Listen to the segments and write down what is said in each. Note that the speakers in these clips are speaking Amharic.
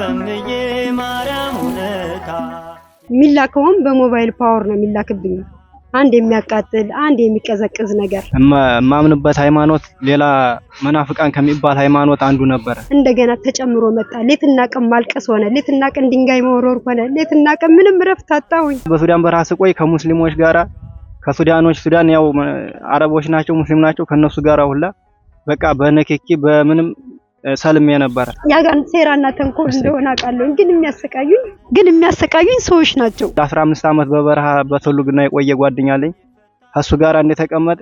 በምዬ ማርያም ሁነታ የሚላከውም በሞባይል ፓወር ነው የሚላክብኝ። አንድ የሚያቃጥል አንድ የሚቀዘቅዝ ነገር። የማምንበት ሃይማኖት ሌላ መናፍቃን ከሚባል ሃይማኖት አንዱ ነበር። እንደገና ተጨምሮ መጣ። ሌትና ቀን ማልቀስ ሆነ፣ ሌትና ቀን ድንጋይ መወርወር ሆነ፣ ሌትና ቀን ምንም እረፍት አጣሁኝ። በሱዳን በረሃ ስቆይ ከሙስሊሞች ጋራ ከሱዳኖች ሱዳን ያው አረቦች ናቸው፣ ሙስሊም ናቸው። ከነሱ ጋራ ሁላ በቃ በንክኪ በምንም ሰልሜ ነበረ። ጋር ሴራና ተንኮል እንደሆነ አውቃለሁ፣ ግን የሚያሰቃዩኝ ግን የሚያሰቃዩኝ ሰዎች ናቸው። አስራ አምስት ዓመት በበረሃ በተሉግና የቆየ ጓደኛ አለኝ። ከሱ ጋር እንደተቀመጥ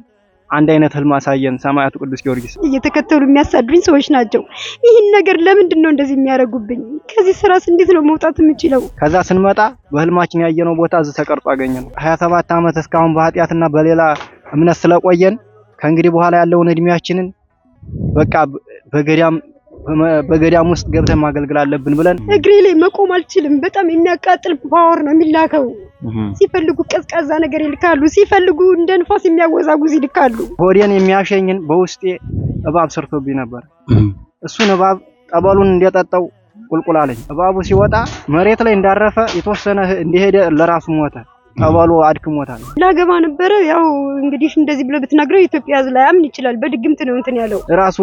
አንድ አይነት ህልም አሳየን። ሰማያቱ ቅዱስ ጊዮርጊስ እየተከተሉ የሚያሳዱኝ ሰዎች ናቸው። ይህን ነገር ለምንድን ነው እንደዚህ የሚያደርጉብኝ? ከዚህ ስራስ እንዴት ነው መውጣት የምችለው? ከዛ ስንመጣ በህልማችን ያየነው ቦታ እዚህ ተቀርጾ አገኘነው። ሀያ ሰባት ዓመት እስካሁን በኃጢአትና በሌላ እምነት ስለቆየን ከእንግዲህ በኋላ ያለውን እድሜያችንን በቃ በገዳም በገዳም ውስጥ ገብተን ማገልገል አለብን ብለን እግሬ ላይ መቆም አልችልም። በጣም የሚያቃጥል ፓወር ነው የሚላከው። ሲፈልጉ ቀዝቃዛ ነገር ይልካሉ፣ ሲፈልጉ እንደ ንፋስ የሚያወዛጉዝ ይልካሉ። ሆዴን የሚያሸኝን በውስጤ እባብ ሰርቶብኝ ነበር። እሱን እባብ ጠበሉን እንዲያጠጣው ቁልቁላለኝ። እባቡ ሲወጣ መሬት ላይ እንዳረፈ የተወሰነ እንደሄደ ለራሱ ሞተ። ጠበሉ አድክሞታል። ላገባ ነበረ ያው እንግዲህ እንደዚህ ብሎ ብትነግረው የኢትዮጵያ ሕዝብ ላያምን ይችላል። በድግምት ነው እንትን ያለው ራሱ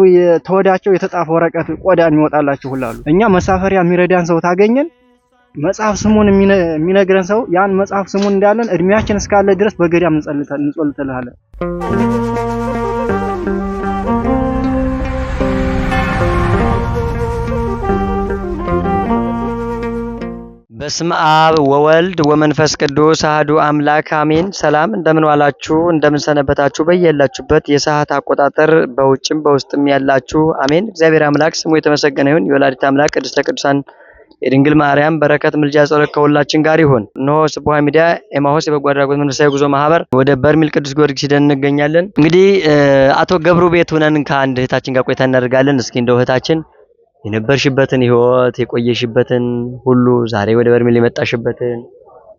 ተወዳቸው የተጻፈ ወረቀት ቆዳ የሚወጣላችሁ ሁላሉ። እኛ መሳፈሪያ የሚረዳን ሰው ታገኘን መጽሐፍ ስሙን የሚነግረን ሰው ያን መጽሐፍ ስሙን እንዳለን እድሜያችን እስካለ ድረስ በገዳም እንጸልትልሃለን። በስመ አብ ወወልድ ወመንፈስ ቅዱስ አህዱ አምላክ አሜን። ሰላም እንደምን ዋላችሁ እንደምን ሰነበታችሁ። በያላችሁበት የሰዓት አቆጣጠር በውጭም በውስጥም ያላችሁ አሜን። እግዚአብሔር አምላክ ስሙ የተመሰገነ ይሁን። የወላዲት አምላክ ቅድስተ ቅዱሳን የድንግል ማርያም በረከት፣ ምልጃ፣ ጸሎት ከሁላችን ጋር ይሁን። እነሆ ስቡሀ ሚዲያ ኤማሆስ የበጎ አድራጎት መንፈሳዊ ጉዞ ማህበር ወደ በርሜል ቅዱስ ጊዮርጊስ ሂደን እንገኛለን። እንግዲህ አቶ ገብሩ ቤት ሁነን ከአንድ እህታችን ጋር ቆይታ እናደርጋለን። እስኪ እንደው እህታችን የነበርሽበትን ህይወት የቆየሽበትን ሁሉ ዛሬ ወደ በርሜል የመጣሽበትን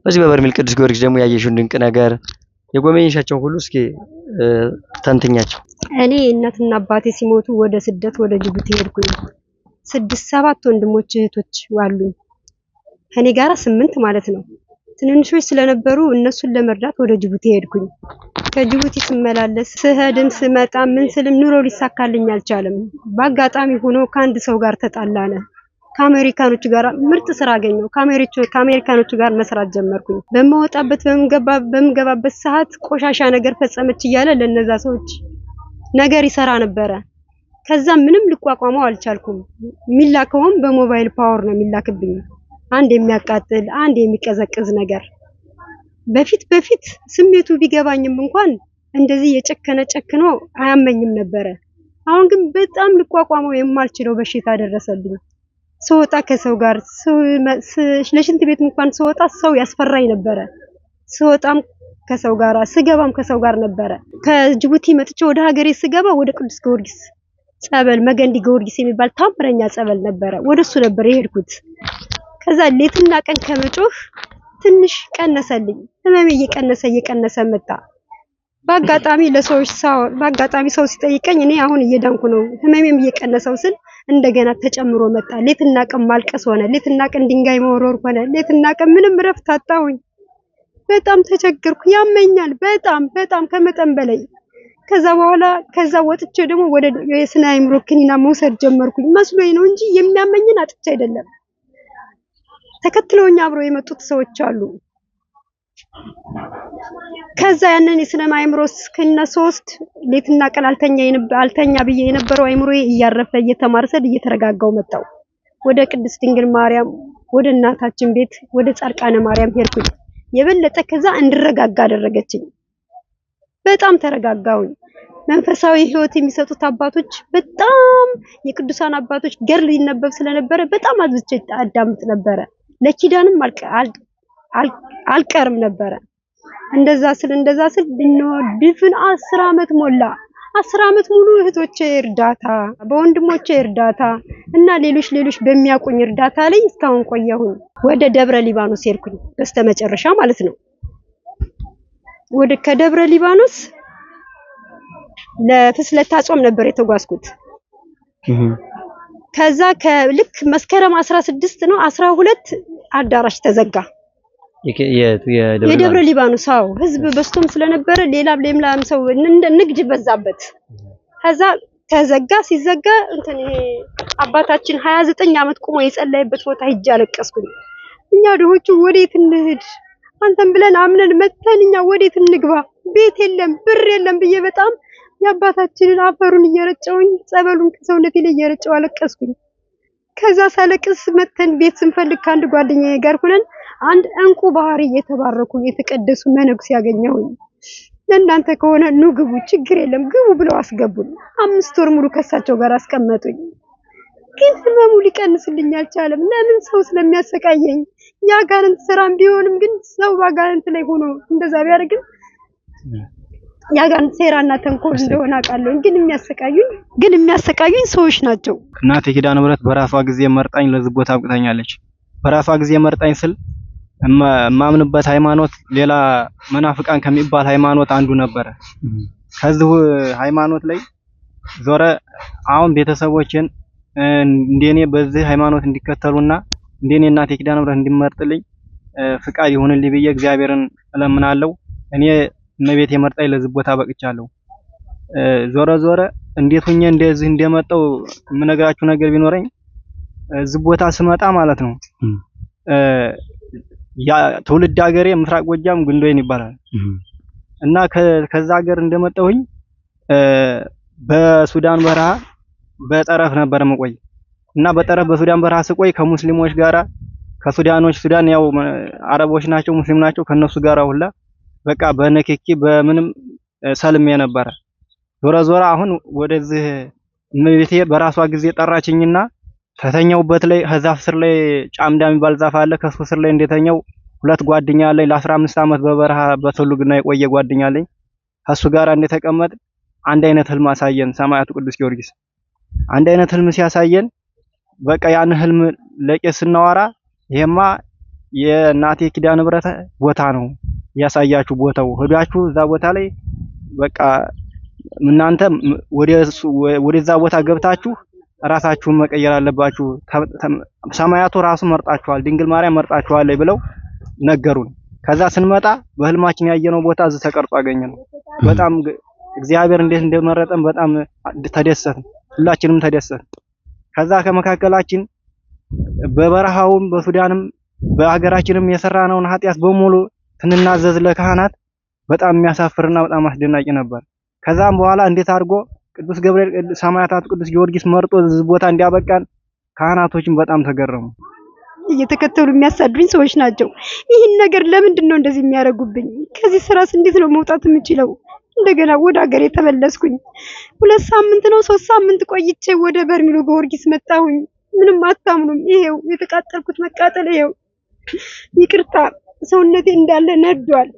በዚህ በበርሜል ቅዱስ ጊዮርጊስ ደግሞ ያየሽውን ድንቅ ነገር የጎበኘሻቸውን ሁሉ እስኪ ተንትኛቸው። እኔ እናትና አባቴ ሲሞቱ ወደ ስደት ወደ ጅቡቲ ሄድኩኝ። ስድስት ሰባት ወንድሞች እህቶች አሉኝ፣ ከኔ ጋራ ስምንት ማለት ነው። ትንንሾች ስለነበሩ እነሱን ለመርዳት ወደ ጅቡቲ ሄድኩኝ። ከጅቡቲ ስመላለስ ስሄድም ስመጣ ምን ስልም ኑሮ ሊሳካልኝ አልቻለም። በአጋጣሚ ሆኖ ከአንድ ሰው ጋር ተጣላነ። ከአሜሪካኖች ጋር ምርጥ ስራ አገኘው። ከአሜሪካኖች ጋር መስራት ጀመርኩኝ። በማወጣበት በምገባበት ሰዓት ቆሻሻ ነገር ፈጸመች እያለ ለነዛ ሰዎች ነገር ይሰራ ነበረ። ከዛ ምንም ልቋቋመው አልቻልኩም። የሚላከውም በሞባይል ፓወር ነው የሚላክብኝ። አንድ የሚያቃጥል አንድ የሚቀዘቅዝ ነገር በፊት በፊት ስሜቱ ቢገባኝም እንኳን እንደዚህ የጨከነ ጨክኖ አያመኝም ነበረ። አሁን ግን በጣም ልቋቋመው የማልችለው በሽታ ደረሰብኝ። ስወጣ ከሰው ጋር ለሽንት ቤት እንኳን ስወጣ ሰው ያስፈራኝ ነበረ። ስወጣም ከሰው ጋር ስገባም ከሰው ጋር ነበረ። ከጅቡቲ መጥቼ ወደ ሀገሬ ስገባ ወደ ቅዱስ ጊዮርጊስ ጸበል፣ መገንዲ ጊዮርጊስ የሚባል ታምረኛ ጸበል ነበረ። ወደሱ ነበር የሄድኩት። ከዛ ሌትና ቀን ከመጮህ ትንሽ ቀነሰልኝ። ህመሜ እየቀነሰ እየቀነሰ መጣ። በአጋጣሚ ለሰዎች ሰው በአጋጣሚ ሰው ሲጠይቀኝ እኔ አሁን እየዳንኩ ነው ህመሜም እየቀነሰው ስል እንደገና ተጨምሮ መጣ። ሌትና ቀን ማልቀስ ሆነ፣ ሌትና ቀን ድንጋይ መወርወር ሆነ፣ ሌትና ቀን ምንም እረፍት አጣሁኝ። በጣም ተቸገርኩ። ያመኛል በጣም በጣም ከመጠን በላይ። ከዛ በኋላ ከዛ ወጥቼ ደግሞ ወደ የስነ አይምሮ ክኒና መውሰድ ጀመርኩኝ። መስሎኝ ነው እንጂ የሚያመኝን አጥቼ አይደለም። ተከትለውኛ አብረው የመጡት ሰዎች አሉ። ከዛ ያንን የስነም አእምሮ እስከነ ሶስት ሌትና ቀን አልተኛ አልተኛ ብዬ የነበረው አይምሮ እያረፈ እየተማረ እየተረጋጋው መጣው። ወደ ቅድስት ድንግል ማርያም ወደ እናታችን ቤት ወደ ጻድቃነ ማርያም ሄድኩኝ። የበለጠ ከዛ እንድረጋጋ አደረገችኝ። በጣም ተረጋጋው መንፈሳዊ ህይወት የሚሰጡት አባቶች በጣም የቅዱሳን አባቶች ገድል ይነበብ ስለነበረ በጣም አዝቼ አዳምጥ ነበረ። ለኪዳንም አልቀርም ነበረ። እንደዛ ስል እንደዛ ስል ድፍን አስር አመት ሞላ። አስር አመት ሙሉ እህቶቼ እርዳታ፣ በወንድሞቼ እርዳታ እና ሌሎች ሌሎች በሚያቆኝ እርዳታ ላይ እስካሁን ቆየሁኝ። ወደ ደብረ ሊባኖስ ሄድኩኝ በስተመጨረሻ ማለት ነው። ወደ ከደብረ ሊባኖስ ለፍስለታ ጾም ነበር የተጓዝኩት ከዛ ከልክ መስከረም 16 ነው 12 አዳራሽ ተዘጋ። የደብረ ሊባኖስ አዎ፣ ህዝብ በስቶም ስለነበረ ሌላ ሌምላም ሰው ንግድ በዛበት። ከዛ ተዘጋ። ሲዘጋ እንትን አባታችን 29 ዓመት ቁሞ የጸለየበት ቦታ ሂጅ አለቀስኩኝ። እኛ ድሆቹ ወዴት እንሂድ? አንተን ብለን አምነን መተን እኛ ወዴት እንግባ? ቤት የለም ብር የለም ብዬ በጣም የአባታችንን አፈሩን እየረጨውኝ ጸበሉን ከሰውነቴ ላይ እየረጨው አለቀስኩኝ። ከዛ ሳለቅስ መተን ቤት ስንፈልግ ከአንድ ጓደኛዬ ጋር ሆነን አንድ እንቁ ባህሪ እየተባረኩ የተቀደሱ መነኩስ ያገኘሁኝ ለእናንተ ከሆነ ኑ ግቡ፣ ችግር የለም ግቡ ብለው አስገቡኝ። አምስት ወር ሙሉ ከሳቸው ጋር አስቀመጡኝ። ግን ህመሙ ሊቀንስልኝ አልቻለም። ለምን ሰው ስለሚያሰቃየኝ። የአጋንንት ስራም ቢሆንም ግን ሰው በአጋንንት ላይ ሆኖ እንደዛ ቢያደርግም ጋር ሴራና ተንኮል እንደሆነ አውቃለሁ። ግን የሚያሰቃዩኝ ግን የሚያሰቃዩኝ ሰዎች ናቸው። እናቴ ኪዳነ ምሕረት በራሷ ጊዜ መርጣኝ ለዝቦት አብቅታኛለች። በራሷ ጊዜ መርጣኝ ስል የማምንበት ሃይማኖት ሌላ መናፍቃን ከሚባል ሃይማኖት አንዱ ነበረ። ከዚህ ሃይማኖት ላይ ዞረ አሁን ቤተሰቦችን እንደኔ በዚህ ሃይማኖት እንዲከተሉና እንደኔ እናቴ ኪዳነ ምሕረት እንዲመርጥልኝ ፍቃድ ይሁንልኝ ብዬ እግዚአብሔርን እለምናለሁ እኔ እመቤቴ መርጣኝ ለዚህ ቦታ በቅቻለሁ። ዞረ ዞረ እንዴት ሁኜ እንደዚህ እንደመጣው የምነግራችሁ ነገር ቢኖረኝ እዚህ ቦታ ስመጣ ማለት ነው ያ ትውልድ ሀገሬ ምስራቅ ጎጃም ግንዶይን ይባላል እና ከዛ ሀገር እንደመጣሁኝ በሱዳን በረሃ በጠረፍ ነበር መቆይ እና በጠረፍ በሱዳን በረሃ ስቆይ ከሙስሊሞች ጋራ ከሱዳኖች ሱዳን ያው አረቦች ናቸው፣ ሙስሊም ናቸው ከነሱ ጋራ ሁላ በቃ በንክኪ በምንም ሰልሜ ነበረ። ዞረ ዞራ አሁን ወደዚህ እመቤቴ በራሷ ጊዜ ጠራችኝና ከተኛውበት ላይ ከዛፍ ስር ላይ ጫምዳ የሚባል ዛፍ አለ። ከሱ ስር ላይ እንደተኛው ሁለት ጓደኛ አለኝ። ለ15 ዓመት በበረሃ በትሉግና የቆየ ጓደኛ አለኝ። ከሱ ጋር እንደተቀመጥ አንድ አይነት ህልም አሳየን ሰማያቱ ቅዱስ ጊዮርጊስ። አንድ አይነት ህልም ሲያሳየን በቃ ያን ህልም ለቄስ ስናወራ ይሄማ የእናቴ ኪዳነ ምህረት ቦታ ነው ያሳያችሁ ቦታው ሄዳችሁ እዛ ቦታ ላይ በቃ እናንተ ወደዛ ቦታ ገብታችሁ ራሳችሁን መቀየር አለባችሁ። ሰማያቱ ራሱ መርጣችኋል፣ ድንግል ማርያም መርጣችኋል ብለው ነገሩን። ከዛ ስንመጣ በህልማችን ያየነው ቦታ እዚህ ተቀርጾ አገኘነው። በጣም እግዚአብሔር እንዴት እንደመረጠን በጣም ተደሰትን፣ ሁላችንም ተደሰትን። ከዛ ከመካከላችን በበረሃውም በሱዳንም በሀገራችንም የሰራነውን ኃጢያት በሙሉ ስንናዘዝ ለካህናት በጣም የሚያሳፍርና በጣም አስደናቂ ነበር። ከዛም በኋላ እንዴት አድርጎ ቅዱስ ገብርኤል ሰማያታት ቅዱስ ጊዮርጊስ መርጦ እዚህ ቦታ እንዲያበቃን ካህናቶችም በጣም ተገረሙ። እየተከተሉ የሚያሳዱኝ ሰዎች ናቸው። ይህን ነገር ለምንድን ነው እንደዚህ የሚያደርጉብኝ? ከዚህ ስራስ እንዴት ነው መውጣት የምችለው? እንደገና ወደ ሀገር የተመለስኩኝ ሁለት ሳምንት ነው ሶስት ሳምንት ቆይቼ ወደ በርሚሎ ጊዮርጊስ መጣሁኝ። ምንም አታምኑም። ይሄው የተቃጠልኩት መቃጠል ይሄው ይቅርታ ሰውነቴ እንዳለ ነዷል፣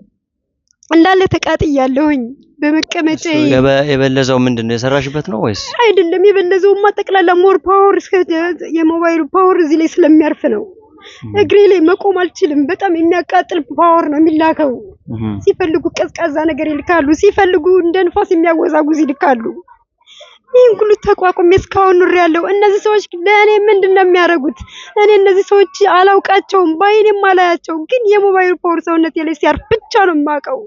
እንዳለ ተቃጥያለሁኝ። በመቀመጫ የበለዘው ምንድን ነው የሰራሽበት ነው ወይስ አይደለም? የበለዘውማ ጠቅላላ ሞር ፓወር እስከ የሞባይሉ ፓወር እዚህ ላይ ስለሚያርፍ ነው። እግሬ ላይ መቆም አልችልም። በጣም የሚያቃጥል ፓወር ነው የሚላከው። ሲፈልጉ ቀዝቃዛ ነገር ይልካሉ፣ ሲፈልጉ እንደ ንፋስ የሚያወዛጉዝ ይልካሉ። ይህን ሁሉ ተቋቁሜ እስካሁን ኑር ያለው እነዚህ ሰዎች ለእኔ ምንድን ነው የሚያደርጉት? እኔ እነዚህ ሰዎች አላውቃቸውም፣ በአይኔም አላያቸው ግን የሞባይል ፓወር ሰውነት ላይ ሲያርፍ ብቻ ነው የማውቀው።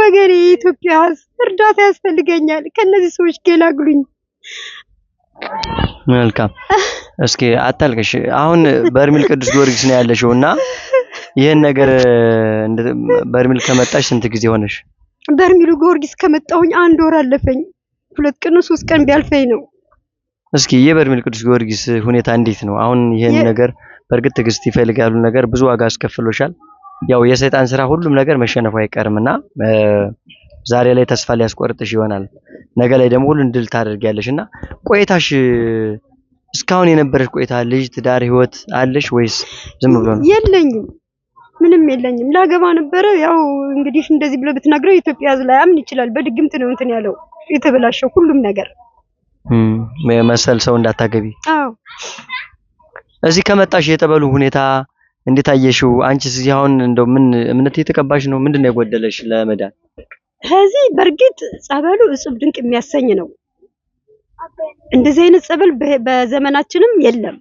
ወገኔ የኢትዮጵያ ሕዝብ እርዳታ ያስፈልገኛል። ከእነዚህ ሰዎች ገላግሉኝ። መልካም እስኪ አታልቅሽ። አሁን በርሜል ቅዱስ ጊዮርጊስ ነው ያለሽው እና ይህን ነገር በርሜል ከመጣሽ ስንት ጊዜ ሆነሽ? በርሜሉ ጊዮርጊስ ከመጣሁኝ አንድ ወር አለፈኝ። ሁለት ቀን ሶስት ቀን ቢያልፈኝ ነው። እስኪ የበርሜል ቅዱስ ጊዮርጊስ ሁኔታ እንዴት ነው አሁን? ይሄን ነገር በእርግጥ ትዕግስት ይፈልጋሉ ነገር ብዙ ዋጋ አስከፍሎሻል። ያው የሰይጣን ስራ ሁሉም ነገር መሸነፉ አይቀርምና ዛሬ ላይ ተስፋ ሊያስቆርጥሽ ይሆናል። ነገ ላይ ደግሞ ሁሉን ድል ታደርጊያለሽ እና ቆይታሽ እስካሁን የነበረሽ ቆይታ ልጅ፣ ትዳር፣ ህይወት አለሽ ወይስ ዝም ብሎ ነው? የለኝም ምንም የለኝም። ላገባ ነበረ። ያው እንግዲህ እንደዚህ ብለህ ኢትዮጵያ የኢትዮጵያ ሕዝብ ላያምን ይችላል። በድግምት ነው እንትን ያለው የተበላሸው ሁሉም ነገር መሰል ሰው እንዳታገቢ። አዎ እዚህ ከመጣሽ የጠበሉ ሁኔታ እንዴት አየሽው? አንቺስ እዚህ አሁን እንደው ምን እምነት እየተቀባሽ ነው? ምንድን ነው የጎደለሽ ለመዳን? ከዚህ በእርግጥ ጸበሉ እጹብ ድንቅ የሚያሰኝ ነው። እንደዚህ አይነት ጸበል በዘመናችንም የለም።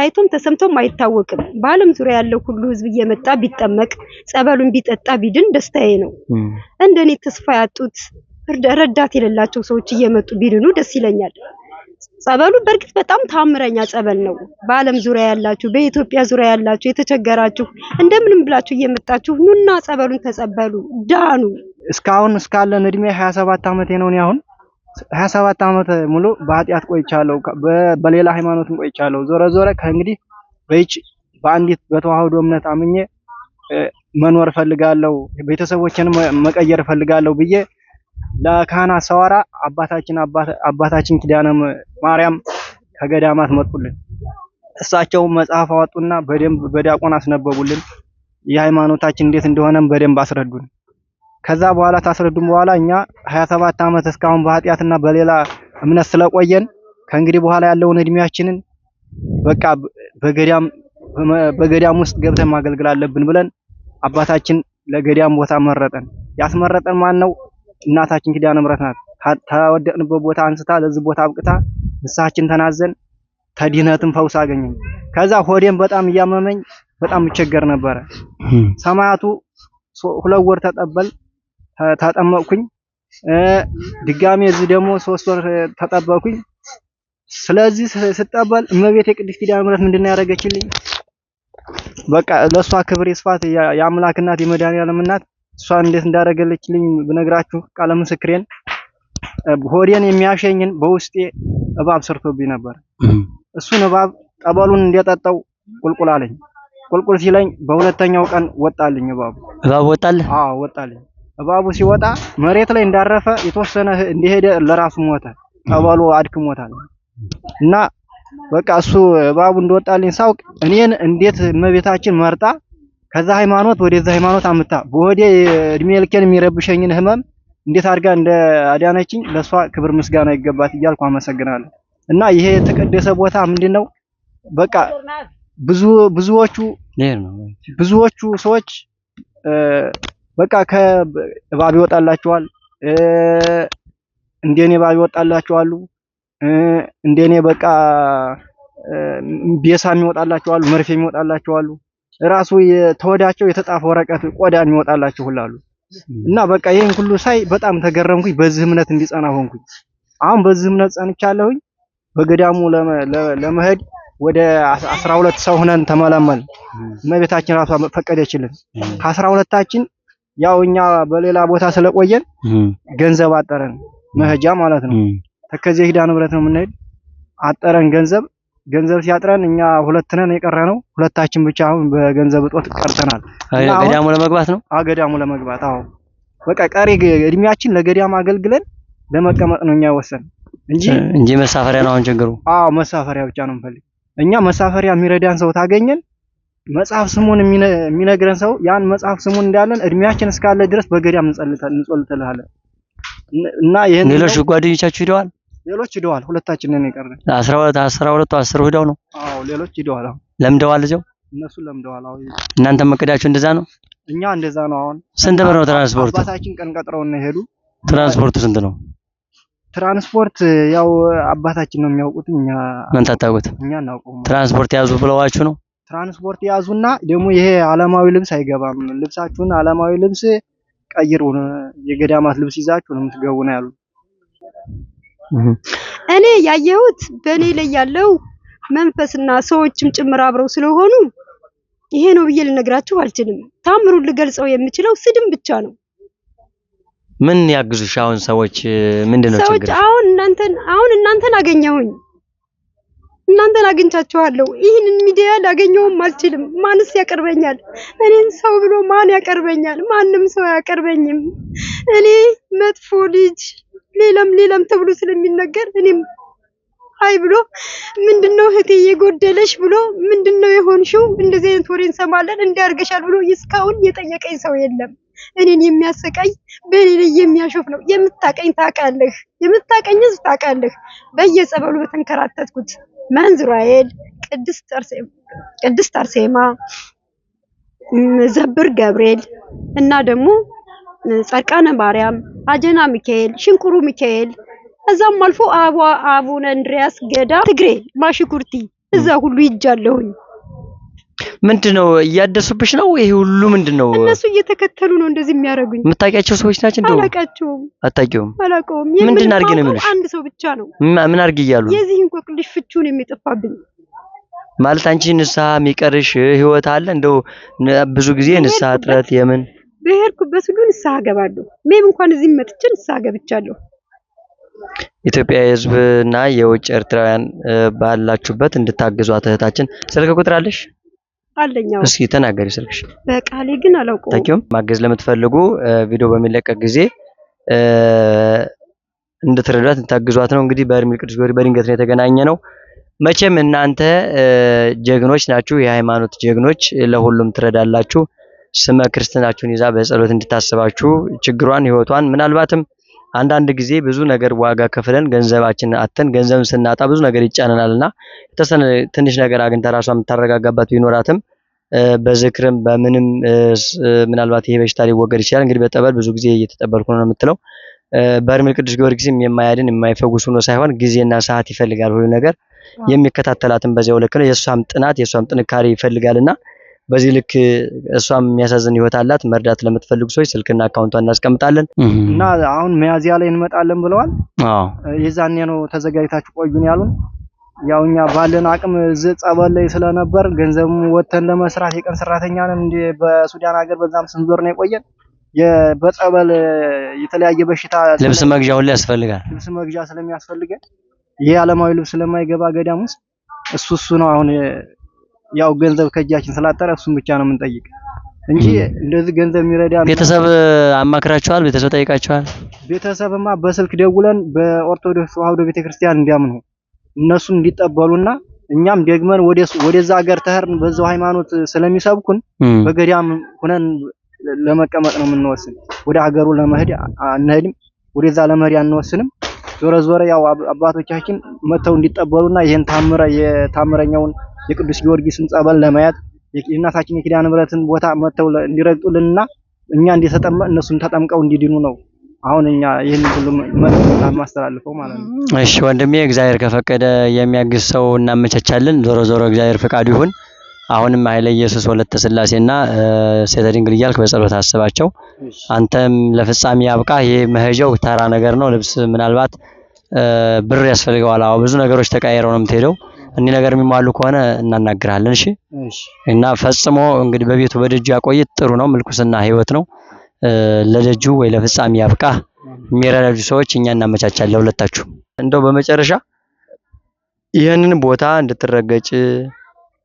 ታይቶም ተሰምቶም አይታወቅም። በዓለም ዙሪያ ያለው ሁሉ ህዝብ እየመጣ ቢጠመቅ ጸበሉን ቢጠጣ ቢድን ደስታዬ ነው። እንደኔ ተስፋ ያጡት ረዳት የሌላቸው ሰዎች እየመጡ ቢድኑ ደስ ይለኛል። ጸበሉ በእርግጥ በጣም ታምረኛ ጸበል ነው። በዓለም ዙሪያ ያላችሁ፣ በኢትዮጵያ ዙሪያ ያላችሁ የተቸገራችሁ እንደምንም ብላችሁ እየመጣችሁ ኑና ጸበሉን ተጸበሉ፣ ዳኑ። እስካሁን እስካለን እድሜ 27 ዓመቴ ነው አሁን ሀያ ሰባት ዓመት ሙሉ በኃጢአት ቆይቻለሁ፣ በሌላ ሃይማኖትም ቆይቻለሁ። ዞረ ዞረ ከእንግዲህ በይች በአንዲት በተዋህዶ እምነት አምኜ መኖር እፈልጋለሁ፣ ቤተሰቦችንም መቀየር እፈልጋለሁ ብዬ ለካህናት ሰዋራ አባታችን አባታችን ኪዳነ ማርያም ከገዳማት መጡልን። እሳቸው መጽሐፍ አወጡና በደንብ በዲያቆን አስነበቡልን። የሃይማኖታችን እንዴት እንደሆነም በደንብ አስረዱን። ከዛ በኋላ ታስረዱም በኋላ እኛ 27 ዓመት እስካሁን በኃጢአትና በሌላ እምነት ስለቆየን ከእንግዲህ በኋላ ያለውን እድሜያችንን በቃ በገዳም በገዳም ውስጥ ገብተን ማገልገል አለብን ብለን አባታችን ለገዳም ቦታ መረጠን። ያስመረጠን ማን ነው? እናታችን ኪዳነ ምሕረት ናት። ተወደቅንበት ቦታ አንስታ ለዚህ ቦታ አብቅታ ንስሐችን ተናዘን ተድህነትን ፈውስ አገኘን። ከዛ ሆዴን በጣም እያመመኝ በጣም ይቸገር ነበረ። ሰማያቱ ሁለት ወር ተጠበል ተጠመቅኩኝ። ድጋሜ እዚህ ደግሞ ሶስት ወር ተጠበቅኩኝ። ስለዚህ ስጠበል እመቤት የቅድስት ኪዳነ ምሕረት ምንድን ነው ያደረገችልኝ? በቃ ለእሷ ክብር ይስፋት። የአምላክ እናት የመድኃኒዓለም እናት እሷን እንዴት እንዳደረገለችልኝ ብነግራችሁ ቃለ ምስክሬን ሆዴን የሚያሸኝን በውስጤ እባብ ሰርቶብኝ ነበር። እሱን እባብ ጠበሉን እንደጠጣው ቁልቁል አለኝ። ቁልቁል ሲለኝ በሁለተኛው ቀን ወጣልኝ እባቡ። እባብ ወጣልህ? አዎ ወጣልኝ። እባቡ ሲወጣ መሬት ላይ እንዳረፈ የተወሰነ እንደሄደ ለራሱ ሞተ። ጠበሉ አድክሞታል እና በቃ እሱ እባቡ እንደወጣልኝ ሳውቅ እኔን እንዴት እመቤታችን መርጣ ከዛ ሃይማኖት ወደዛ ሃይማኖት አምታ በሆዴ እድሜ ልኬን የሚረብሸኝን ህመም እንዴት አድርጋ እንደ አዳነችኝ ለሷ ክብር ምስጋና ይገባት እያልኩ አመሰግናለሁ። እና ይሄ የተቀደሰ ቦታ ምንድነው? በቃ ብዙ ብዙዎቹ ብዙዎቹ ሰዎች በቃ ከእባብ ይወጣላችኋል፣ እንደኔ እባብ ይወጣላችኋሉ፣ እንደኔ በቃ ቤሳ የሚወጣላችኋሉ፣ መርፌ የሚወጣላችኋሉ፣ ራሱ ተወዳቸው የተጣፈ ወረቀት ቆዳ የሚወጣላችሁ ሁላሉ። እና በቃ ይሄን ሁሉ ሳይ በጣም ተገረምኩኝ። በዚህ እምነት እንዲጸና ሆንኩኝ። አሁን በዚህ እምነት ጸንቻለሁኝ። በገዳሙ ለመሄድ ወደ 12 ሰው ሆነን ተመለመል። እመቤታችን ራሷ ፈቀደችልን ከአስራ ሁለታችን ያው እኛ በሌላ ቦታ ስለቆየን ገንዘብ አጠረን መሄጃ ማለት ነው። ተከዜ ሂዳ ንብረት ነው የምንሄድ አጠረን ገንዘብ ገንዘብ ሲያጥረን እኛ ሁለት ነን የቀረ ነው ሁለታችን ብቻ አሁን በገንዘብ እጦት ቀርተናል። ገዳሙ ለመግባት ነው አገዳሙ ለመግባት አዎ፣ በቃ ቀሪ እድሜያችን ለገዳም አገልግለን ለመቀመጥ ነው እኛ ወሰን እንጂ እንጂ መሳፈሪያ ነው አሁን ችግሩ። አዎ መሳፈሪያ ብቻ ነው የምፈልግ እኛ መሳፈሪያ የሚረዳን ሰው ታገኘን መጽሐፍ ስሙን የሚነግረን ሰው ያን መጽሐፍ ስሙን እንዳለን እድሜያችን እስካለ ድረስ በገዳም እንጸልይልሃለን እና ይሄን ሌሎች ጓደኞቻችሁ ሂደዋል፣ ሌሎች ሂደዋል። ሁለታችን ነን የቀረን። 12 12 10 ሂደው ነው። አዎ ሌሎች ሂደዋል። አሁን ለምደዋል፣ እዚያው እነሱ ለምደዋል። አሁን እናንተ መቀዳችሁ እንደዛ ነው፣ እኛ እንደዛ ነው። አሁን ስንት ብር ነው ትራንስፖርት? አባታችን ቀን ቀጥረው ነው የሄዱ። ትራንስፖርቱ ስንት ነው? ትራንስፖርት ያው አባታችን ነው የሚያውቁት። እኛ ምን እኛ እናውቀው። ትራንስፖርት ያዙ ብለዋችሁ ነው ትራንስፖርት ያዙና ደግሞ ይሄ አለማዊ ልብስ አይገባም፣ ልብሳችሁን አለማዊ ልብስ ቀይሩ፣ የገዳማት ልብስ ይዛችሁ ነው የምትገቡ ነው ያሉ። እኔ ያየሁት በእኔ ላይ ያለው መንፈስና ሰዎችም ጭምር አብረው ስለሆኑ ይሄ ነው ብዬ ልነግራችሁ አልችልም። ታምሩን ልገልጸው የምችለው ስድም ብቻ ነው። ምን ያግዙሽ? አሁን ሰዎች ምንድን ነው ችግር? አሁን እናንተን አሁን እናንተን አገኘሁኝ እናንተን አግኝቻችኋለሁ። ይህንን ሚዲያ ላገኘውም አልችልም። ማንስ ያቀርበኛል? እኔን ሰው ብሎ ማን ያቀርበኛል? ማንም ሰው አያቀርበኝም። እኔ መጥፎ ልጅ፣ ሌላም ሌላም ተብሎ ስለሚነገር እኔም አይ ብሎ ምንድነው እህቴ የጎደለሽ ብሎ ምንድነው የሆንሽው እንደዚህ አይነት ወሬ እንሰማለን እንዲያርገሻል ብሎ እስካሁን የጠየቀኝ ሰው የለም። እኔን የሚያሰቃይ በእኔ ላይ የሚያሾፍ ነው። የምታቀኝ ታውቃለህ፣ የምታቀኝ ህዝብ ታውቃለህ። በየጸበሉ በተንከራተትኩት መንዝራኤል ቅድስት አርሴማ፣ ዘብር ገብርኤል እና ደግሞ ጸርቃነ ማርያም፣ አጀና ሚካኤል፣ ሽንኩሩ ሚካኤል እዛም አልፎ አቡነ እንድሪያስ ገዳ ትግሬ ማሽኩርቲ እዛ ሁሉ ይጃለሁኝ። ምንድን ነው እያደሱብሽ ነው? ይሄ ሁሉ ምንድን ነው? እነሱ እየተከተሉ ነው እንደዚህ የሚያደርጉኝ። የምታውቂያቸው ሰዎች ናቸው? እንደው አላውቃቸውም። አታውቂውም? አላውቀውም። ምንድን አድርጌ ነው የምልሽ? አንድ ሰው ብቻ ነው። ምን አድርጌ እያሉ የዚህ የዚህን እንቆቅልሽ ፍቹን የሚጠፋብኝ ማለት አንቺ ንስሐ የሚቀርሽ ህይወት አለ? እንደው ብዙ ጊዜ ንስሐ ጥረት የምን በሄድኩበት ሁሉ ንስሐ ገባለሁ። ምንም እንኳን እዚህ መጥቼ ንስሐ ገብቻለሁ። ኢትዮጵያ የህዝብና የውጭ ኤርትራውያን ባላችሁበት እንድታግዟት እህታችን ስልክ ቁጥር አለሽ? አለኛው። እስኪ ተናገሪ ስልክሽ። በቃሌ ግን አላውቀውም። ታኪውም ማገዝ ለምትፈልጉ ቪዲዮ በሚለቀቅ ጊዜ እንድትረዷት እንታግዟት ነው። እንግዲህ በርሜል ቅዱስ ጊዮርጊስ በድንገት ነው የተገናኘ ነው። መቼም እናንተ ጀግኖች ናችሁ፣ የሃይማኖት ጀግኖች፣ ለሁሉም ትረዳላችሁ። ስመ ክርስትናችሁን ይዛ በጸሎት እንድታስባችሁ ችግሯን፣ ህይወቷን ምናልባትም አንዳንድ ጊዜ ብዙ ነገር ዋጋ ከፍለን ገንዘባችን አተን ገንዘብን ስናጣ ብዙ ነገር ይጫነናልና ትንሽ ነገር አግኝታ ራሷ የምታረጋጋባት ቢኖራትም በዝክርም በምንም ምናልባት ይሄ በሽታ ሊወገድ ይችላል። እንግዲህ በጠበል ብዙ ጊዜ እየተጠበልኩ ነው የምትለው። በርሜል ቅዱስ ጊዮርጊስም የማያድን የማይፈጉስ ሆኖ ሳይሆን ጊዜና ሰዓት ይፈልጋል ሁሉ ነገር። የሚከታተላትን በዚያው ልክ ነው። የእሷም ጥናት የእሷም ጥንካሬ ይፈልጋልና በዚህ ልክ እሷም የሚያሳዝን ህይወት አላት። መርዳት ለምትፈልጉ ሰዎች ስልክና አካውንቷ እናስቀምጣለን እና አሁን ሚያዝያ ላይ እንመጣለን ብለዋል። የዛኔ ነው ተዘጋጅታችሁ ቆዩን ያሉን። ያው እኛ ባለን አቅም እዚህ ጸበል ላይ ስለነበር ገንዘብም ወተን ለመስራት የቀን ሰራተኛ ነን። እንደ በሱዳን ሀገር በዛም ስንዞር ነው የቆየን። በጸበል የተለያየ በሽታ ልብስ መግዣ ሁሉ ያስፈልጋል። ልብስ መግዣ ስለሚያስፈልገን ይሄ ዓለማዊ ልብስ ስለማይገባ ገዳም ውስጥ እሱ እሱ ነው አሁን ያው ገንዘብ ከእጃችን ስላጠረ እሱን ብቻ ነው የምንጠይቅ እንጂ እንደዚህ ገንዘብ የሚረዳ ቤተሰብ አማክራቸዋል። ቤተሰብ ጠይቃቸዋል ቤተሰብማ በስልክ ደውለን በኦርቶዶክስ ተዋህዶ ቤተክርስቲያን እንዲያምኑ እነሱን እንዲጠበሉና እኛም ደግመን ወደዛ ሀገር ተህርን በዛው ሃይማኖት ስለሚሰብኩን በገዳም ሁነን ለመቀመጥ ነው የምንወስን። ወደ ሀገሩ ለመሄድ አንሄድም፣ ወደዛ ለመሄድ አንወስንም። ዞረ ዞረ ያው አባቶቻችን መጥተው እንዲጠበሉና ይሄን ታምረ የታምረኛውን የቅዱስ ጊዮርጊስን ጸበል ለማየት የእናታችን የኪዳነ ምሕረትን ቦታ መጥተው እንዲረግጡልንና እኛ እንዲተጠመ እነሱን ተጠምቀው እንዲድኑ ነው። አሁን እኛ ይህን ሁሉ መልእክት ማስተላልፈው ማለት ነው። እሺ ወንድሜ፣ እግዚአብሔር ከፈቀደ የሚያግዝ ሰው እናመቻቻለን። ዞሮ ዞሮ እግዚአብሔር ፈቃዱ ይሁን። አሁንም ኃይለ ኢየሱስ ወለተ ስላሴና ሴተ ድንግል እያልክ በጸሎት አስባቸው። አንተም ለፍጻሜ ያብቃ። ይሄ መሄጃው ተራ ነገር ነው። ልብስ ምናልባት ብር ያስፈልገዋል። አዎ ብዙ ነገሮች ተቀያይረው ነው የምትሄደው። እኒህ ነገር የሚሟሉ ከሆነ እናናግራለን። እሺ እና ፈጽሞ እንግዲህ በቤቱ በደጁ ያቆይ። ጥሩ ነው። ምልኩስና ህይወት ነው። ለደጁ ወይ ለፍጻሜ ያብቃ። የሚረዳጁ ሰዎች እኛ እናመቻቻለን ለሁለታችሁ። እንደው በመጨረሻ ይህንን ቦታ እንድትረገጭ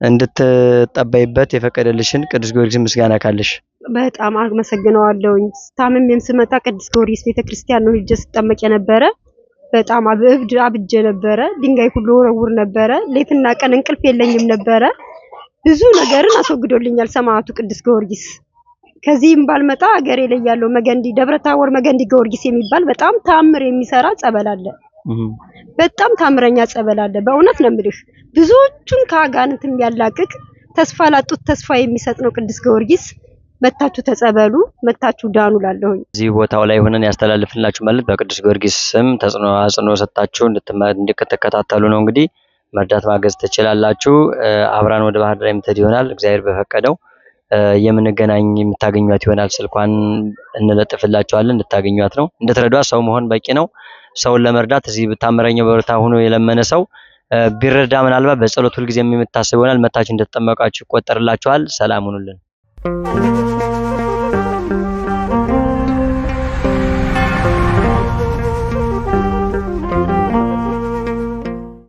እንድትጠባይበት የፈቀደልሽን ቅዱስ ጊዮርጊስ ምስጋና ካለሽ በጣም አመሰግነዋለሁኝ። ታምሜም ስመጣ ቅዱስ ጊዮርጊስ ቤተክርስቲያን ነው ሂጄ ስጠመቅ የነበረ። በጣም እብድ አብጀ ነበረ። ድንጋይ ሁሉ ወረውር ነበረ። ሌትና ቀን እንቅልፍ የለኝም ነበረ። ብዙ ነገርን አስወግዶልኛል ሰማዕቱ ቅዱስ ጊዮርጊስ። ከዚህም ባልመጣ ሀገሬ ላይ ያለው መገንዲ ደብረ ታቦር መገንዲ ጊዮርጊስ የሚባል በጣም ታምር የሚሰራ ጸበል አለ። በጣም ታምረኛ ጸበል አለ። በእውነት ነው የምልሽ ብዙዎቹን ከአጋንንትም ያላቅቅ ተስፋ ላጡት ተስፋ የሚሰጥ ነው ቅዱስ ጊዮርጊስ። መታችሁ ተጸበሉ፣ መታችሁ ዳኑ ላለሁኝ እዚህ ቦታው ላይ ሆነን ያስተላልፍላችሁ ማለት በቅዱስ ጊዮርጊስ ስም ተጽዕኖ አጽኖ ሰጥታችሁ እንድትከታተሉ ነው። እንግዲህ መርዳት ማገዝ ትችላላችሁ። አብራን ወደ ባህር ዳር የምትሄድ ይሆናል እግዚአብሔር በፈቀደው የምንገናኝ የምታገኟት ይሆናል። ስልኳን እንለጥፍላቸዋለን። እንድታገኟት ነው። እንድትረዷት ሰው መሆን በቂ ነው። ሰውን ለመርዳት እዚህ ታምረኛው በርታ ሆኖ የለመነ ሰው ቢረዳ ምናልባት በጸሎት ሁልጊዜ የምታስብ ይሆናል። መታችሁ እንደተጠመቃችሁ ይቆጠርላችኋል። ሰላም ሁኑልን።